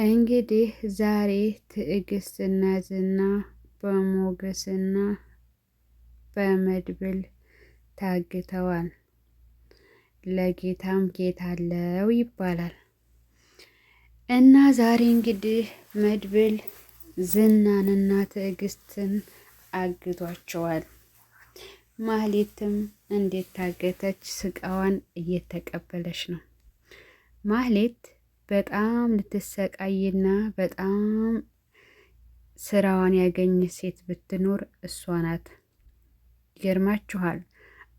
እንግዲህ ዛሬ ትዕግስትና ዝና በሞገስና በመድብል ታግተዋል። ለጌታም ጌታ አለው ይባላል እና ዛሬ እንግዲህ መድብል ዝናንና ትዕግስትን አግቷቸዋል። ማህሌትም እንዴት ታገተች? ስቃዋን እየተቀበለች ነው ማህሌት በጣም ልትሰቃይና በጣም ስራዋን ያገኘ ሴት ብትኖር እሷ ናት። ይገርማችኋል።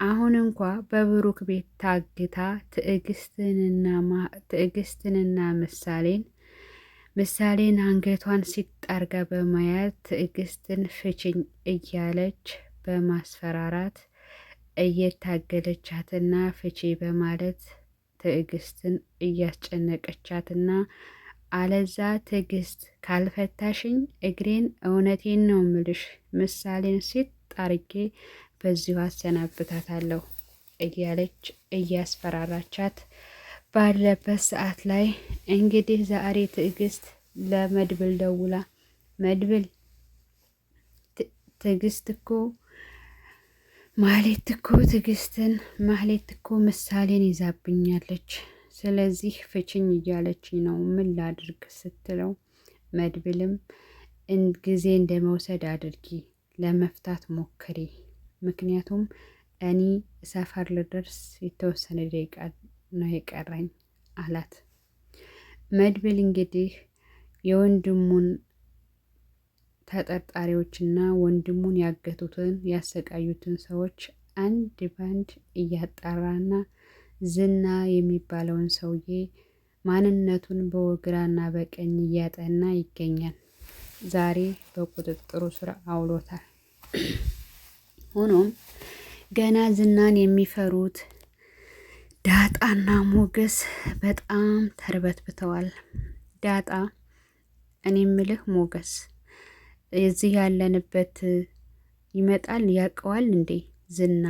አሁን እንኳ በብሩክ ቤት ታግታ ትዕግስትንና ምሳሌን ምሳሌን አንገቷን ሲጣርጋ በማያት ትዕግስትን ፍችኝ እያለች በማስፈራራት እየታገለቻትና ፍቺ በማለት ትዕግስትን እያስጨነቀቻትና አለዛ ትዕግስት ካልፈታሽኝ እግሬን እውነቴን ነው ምልሽ ምሳሌን ሴት ጣርጌ በዚሁ አሰናብታታለሁ እያለች እያስፈራራቻት ባለበት ሰዓት ላይ እንግዲህ ዛሬ ትዕግስት ለመድብል ደውላ መድብል ትዕግስት እኮ ማህሌት እኮ ትዕግስትን ማህሌት እኮ ምሳሌን ይዛብኛለች፣ ስለዚህ ፍችኝ እያለች ነው። ምን ላድርግ ስትለው መድብልም ጊዜ እንደ መውሰድ አድርጊ፣ ለመፍታት ሞክሪ። ምክንያቱም እኔ ሰፈር ልደርስ የተወሰነ ደቂቃ ነው የቀረኝ አላት። መድብል እንግዲህ የወንድሙን ተጠርጣሪዎችና ወንድሙን ያገቱትን ያሰቃዩትን ሰዎች አንድ ባንድ እያጣራና ዝና የሚባለውን ሰውዬ ማንነቱን በወግራና በቀኝ እያጠና ይገኛል። ዛሬ በቁጥጥሩ ስር አውሎታል። ሆኖም ገና ዝናን የሚፈሩት ዳጣና ሞገስ በጣም ተርበትብተዋል። ዳጣ እኔ ምልህ ሞገስ እዚህ ያለንበት ይመጣል ያውቀዋል እንዴ ዝና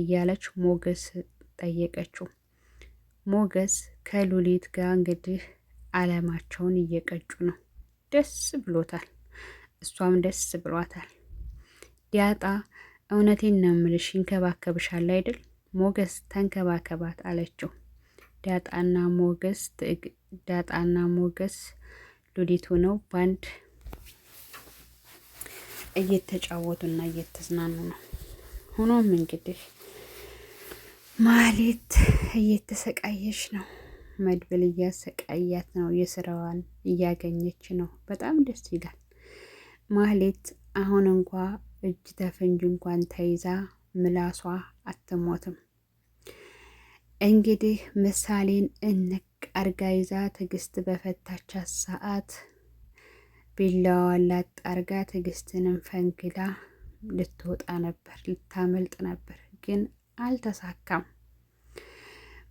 እያለች ሞገስ ጠየቀችው። ሞገስ ከሉሊት ጋር እንግዲህ አለማቸውን እየቀጩ ነው። ደስ ብሎታል፣ እሷም ደስ ብሏታል። ዲያጣ እውነቴን ነው የምልሽ ይንከባከብሻል አይደል? ሞገስ ተንከባከባት አለችው። ዳጣና ሞገስ ዳጣና ሞገስ ሉሊት ሆነው ባንድ እየተጫወቱና እየተዝናኑ ነው። ሆኖም እንግዲህ ማሌት እየተሰቃየች ነው። መድብል እያሰቃያት ነው። የስራዋን እያገኘች ነው። በጣም ደስ ይላል። ማሌት አሁን እንኳ እጅ ተፈንጅ እንኳን ተይዛ ምላሷ አትሞትም። እንግዲህ ምሳሌን እንቅ አርጋ ይዛ ትዕግስት በፈታቻት ሰዓት ቢላዋን ላጣርጋ ትግስትንም ትዕግስትንም ፈንግላ ልትወጣ ነበር፣ ልታመልጥ ነበር፣ ግን አልተሳካም።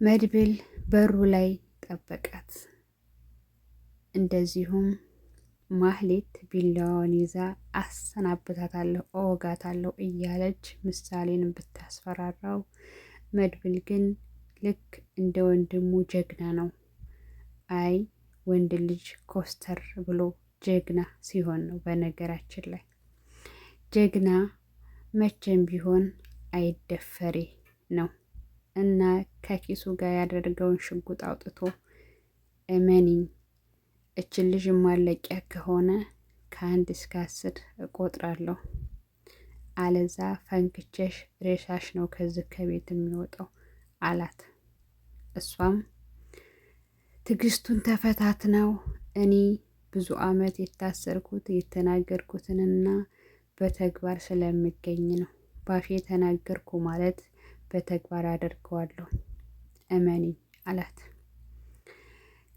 መድብል በሩ ላይ ጠበቃት። እንደዚሁም ማህሌት ቢላዋን ይዛ አሰናብታታለሁ፣ እወጋታለሁ እያለች ምሳሌን ብታስፈራራው፣ መድብል ግን ልክ እንደ ወንድሙ ጀግና ነው። አይ ወንድ ልጅ ኮስተር ብሎ ጀግና ሲሆን ነው። በነገራችን ላይ ጀግና መቼም ቢሆን አይደፈሪ ነው እና ከኪሱ ጋር ያደርገውን ሽጉጥ አውጥቶ እመኒኝ እችን ልጅ ማለቂያ ከሆነ ከአንድ እስከ አስር እቆጥራለሁ፣ አለዛ ፈንክቼሽ ሬሳሽ ነው ከዚህ ከቤት የሚወጣው አላት። እሷም ትዕግስቱን ነው እኔ ብዙ ዓመት የታሰርኩት የተናገርኩትንና በተግባር ስለምገኝ ነው። ባፌ ተናገርኩ ማለት በተግባር አደርገዋለሁ እመኒ አላት።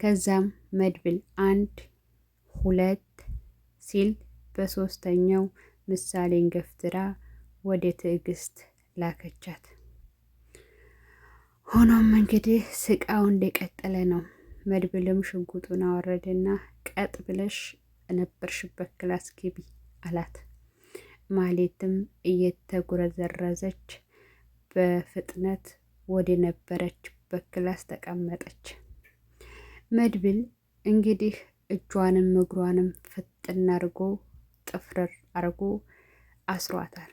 ከዛም መድብል አንድ ሁለት ሲል በሶስተኛው ምሳሌን ገፍትራ ወደ ትዕግስት ላከቻት። ሆኖም እንግዲህ ስቃው እንደቀጠለ ነው። መድብልም ሽጉጡን አወረደና ቀጥ ብለሽ ነበርሽበት ክላስ ግቢ አላት። ማሌትም እየተጉረዘረዘች በፍጥነት ወደ ነበረችበት ክላስ ተቀመጠች። መድብል እንግዲህ እጇንም እግሯንም ፍጥና አርጎ ጥፍርር አርጎ አስሯታል።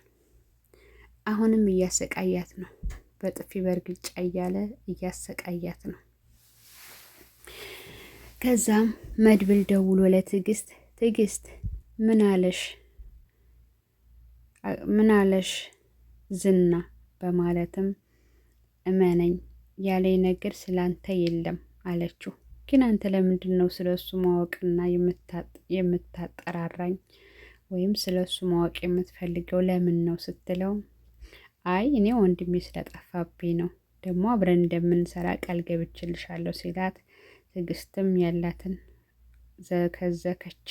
አሁንም እያሰቃያት ነው። በጥፊ በእርግጫ እያለ እያሰቃያት ነው። ከዛም መድብል ደውሎ ለትዕግስት ትዕግስት ምናለሽ ምናለሽ ዝና በማለትም እመነኝ ያለኝ ነገር ስላንተ የለም አለችው። ግን አንተ ለምንድን ነው ስለ እሱ ማወቅና የምታጠራራኝ ወይም ስለ እሱ ማወቅ የምትፈልገው ለምን ነው ስትለው፣ አይ እኔ ወንድሜ ስለጠፋብኝ ነው ደግሞ አብረን እንደምንሰራ ቃል ገብችልሻለሁ ሲላት ትዕግስትም ያላትን ዘከዘከች።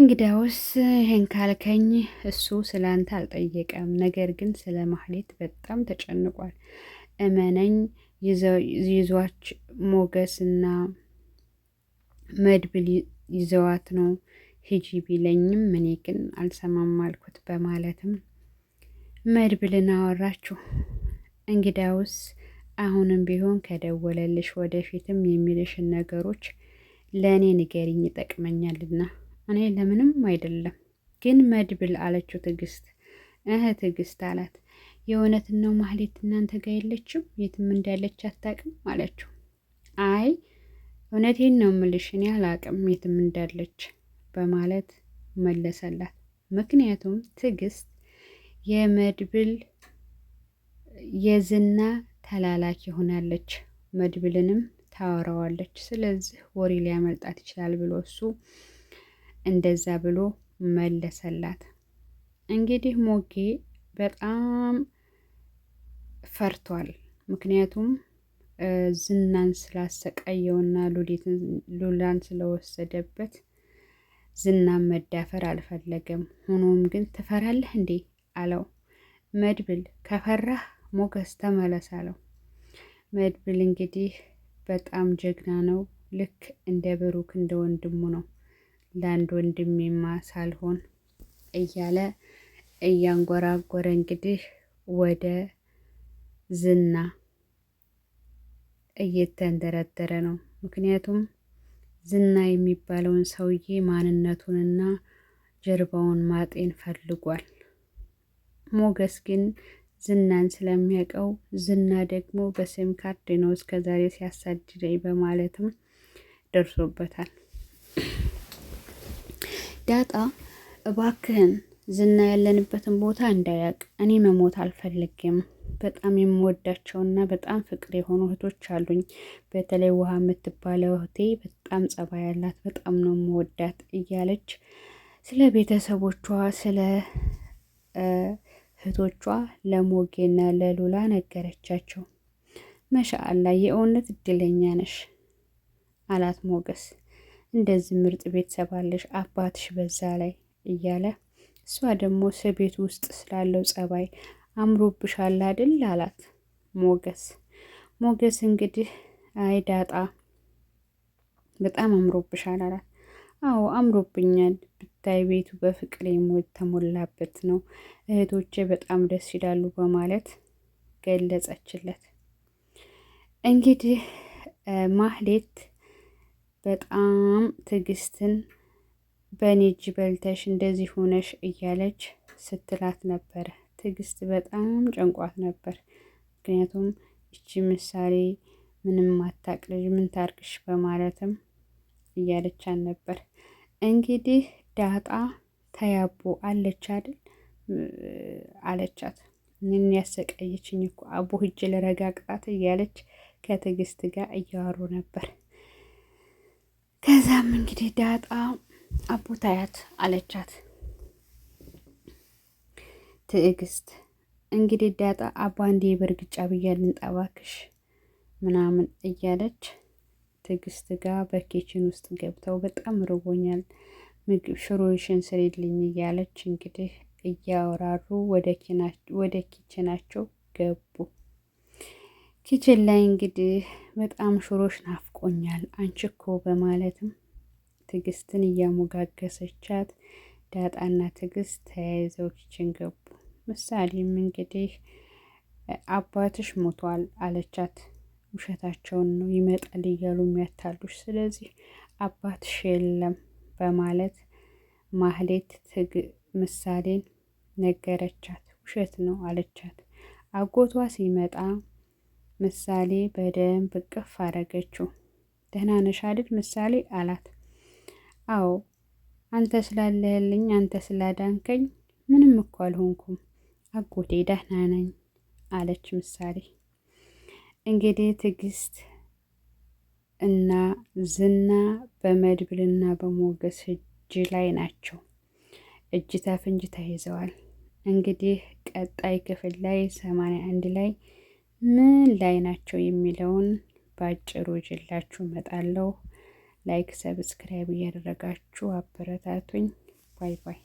እንግዳውስ ይህን ካልከኝ እሱ ስለ አንተ አልጠየቀም፣ ነገር ግን ስለ ማህሌት በጣም ተጨንቋል። እመነኝ ይዟች ሞገስ እና መድብል ይዘዋት ነው ሂጂ ቢለኝም እኔ ግን አልሰማም አልኩት በማለትም መድብልን አወራችሁ። እንግዳውስ አሁንም ቢሆን ከደወለልሽ ወደፊትም የሚልሽን ነገሮች ለእኔ ንገሪኝ፣ ይጠቅመኛልና እኔ ለምንም አይደለም። ግን መድብል አለችው ትዕግስት። እህ ትዕግስት አላት። የእውነትን ነው ማህሌት እናንተ ጋር የለችም? የትም እንዳለች አታውቅም አለችው። አይ እውነቴን ነው ምልሽ፣ እኔ አላውቅም የትም እንዳለች በማለት መለሰላት። ምክንያቱም ትዕግስት የመድብል የዝና ተላላኪ ሆናለች። መድብልንም ታወራዋለች። ስለዚህ ወሬ ሊያመልጣት ይችላል ብሎ እሱ እንደዛ ብሎ መለሰላት። እንግዲህ ሞጌ በጣም ፈርቷል። ምክንያቱም ዝናን ስላሰቃየውና ሉላን ስለወሰደበት ዝናን መዳፈር አልፈለገም። ሆኖም ግን ትፈራለህ እንዴ አለው መድብል ከፈራህ ሞገስ ተመለስ አለው። መድብል እንግዲህ በጣም ጀግና ነው። ልክ እንደ ብሩክ እንደ ወንድሙ ነው። ለአንድ ወንድሜማ ሳልሆን እያለ እያንጎራጎረ እንግዲህ ወደ ዝና እየተንደረደረ ነው። ምክንያቱም ዝና የሚባለውን ሰውዬ ማንነቱንና ጀርባውን ማጤን ፈልጓል። ሞገስ ግን ዝናን ስለሚያውቀው ዝና ደግሞ በሲም ካርድ ነው እስከዛሬ ሲያሳድደኝ በማለትም ደርሶበታል። ዳጣ እባክህን ዝና ያለንበትን ቦታ እንዳያውቅ፣ እኔ መሞት አልፈልግም። በጣም የምወዳቸውና በጣም ፍቅር የሆኑ እህቶች አሉኝ። በተለይ ውሃ የምትባለው እህቴ በጣም ጸባይ ያላት፣ በጣም ነው የምወዳት እያለች ስለ ቤተሰቦቿ ስለ እህቶቿ ለሞጌና ለሉላ ነገረቻቸው። መሻአላ የእውነት እድለኛ ነሽ አላት ሞገስ። እንደዚህ ምርጥ ቤተሰብ አለሽ አባትሽ በዛ ላይ እያለ እሷ ደግሞ ስቤት ውስጥ ስላለው ጸባይ አምሮብሻል አይደል አላት ሞገስ። ሞገስ እንግዲህ አይ ዳጣ በጣም አምሮብሻል አላት። አዎ አምሮብኛል ብታይ ቤቱ በፍቅር የተሞላበት ነው። እህቶቼ በጣም ደስ ይላሉ በማለት ገለጸችለት። እንግዲህ ማህሌት በጣም ትዕግስትን በእኔ እጅ በልተሽ እንደዚህ ሆነሽ እያለች ስትላት ነበረ። ትዕግስት በጣም ጨንቋት ነበር። ምክንያቱም እቺ ምሳሌ ምንም አታቅልጅ ምን ታርግሽ በማለትም እያለቻን ነበር። እንግዲህ ዳጣ ተያቦ አለች አይደል አለቻት። ምን ያሰቃየችኝ እኮ አቦ ህጅ ልረጋግጣት እያለች ከትዕግስት ጋር እያወሩ ነበር። ከዛም እንግዲህ ዳጣ አቦ ታያት አለቻት። ትዕግስት እንግዲህ ዳጣ አቦ አንዴ በእርግጫ ብያልን ጠባክሽ ምናምን እያለች ትዕግስት ጋር በኬችን ውስጥ ገብተው በጣም ርቦኛል ምግብ ሽሮሽን ስሬልኝ እያለች እንግዲህ እያወራሩ ወደ ኪችናቸው ገቡ። ኪችን ላይ እንግዲህ በጣም ሽሮሽ ናፍቆኛል አንቺ እኮ በማለትም ትዕግስትን እያሞጋገሰቻት ዳጣና ትዕግስት ተያይዘው ኪችን ገቡ። ምሳሌም እንግዲህ አባትሽ ሞቷል አለቻት። ውሸታቸውን ነው ይመጣል እያሉ የሚያታሉሽ። ስለዚህ አባትሽ የለም በማለት ማህሌት ትግ ምሳሌን ነገረቻት። ውሸት ነው አለቻት። አጎቷ ሲመጣ ምሳሌ በደንብ እቅፍ አረገችው። ደህና ነሽ አይደል ምሳሌ አላት። አዎ አንተ ስላለህልኝ አንተ ስላዳንከኝ ምንም እኮ አልሆንኩም አጎቴ ደህና ነኝ አለች ምሳሌ። እንግዲህ ትዕግስት እና ዝና በመድብልና በሞገስ እጅ ላይ ናቸው። እጅ ታፍንጅ ተይዘዋል። እንግዲህ ቀጣይ ክፍል ላይ ሰማንያ አንድ ላይ ምን ላይ ናቸው የሚለውን በአጭሩ ይዤላችሁ እመጣለሁ። ላይክ፣ ሰብስክራይብ እያደረጋችሁ አበረታቱኝ። ባይ ባይ።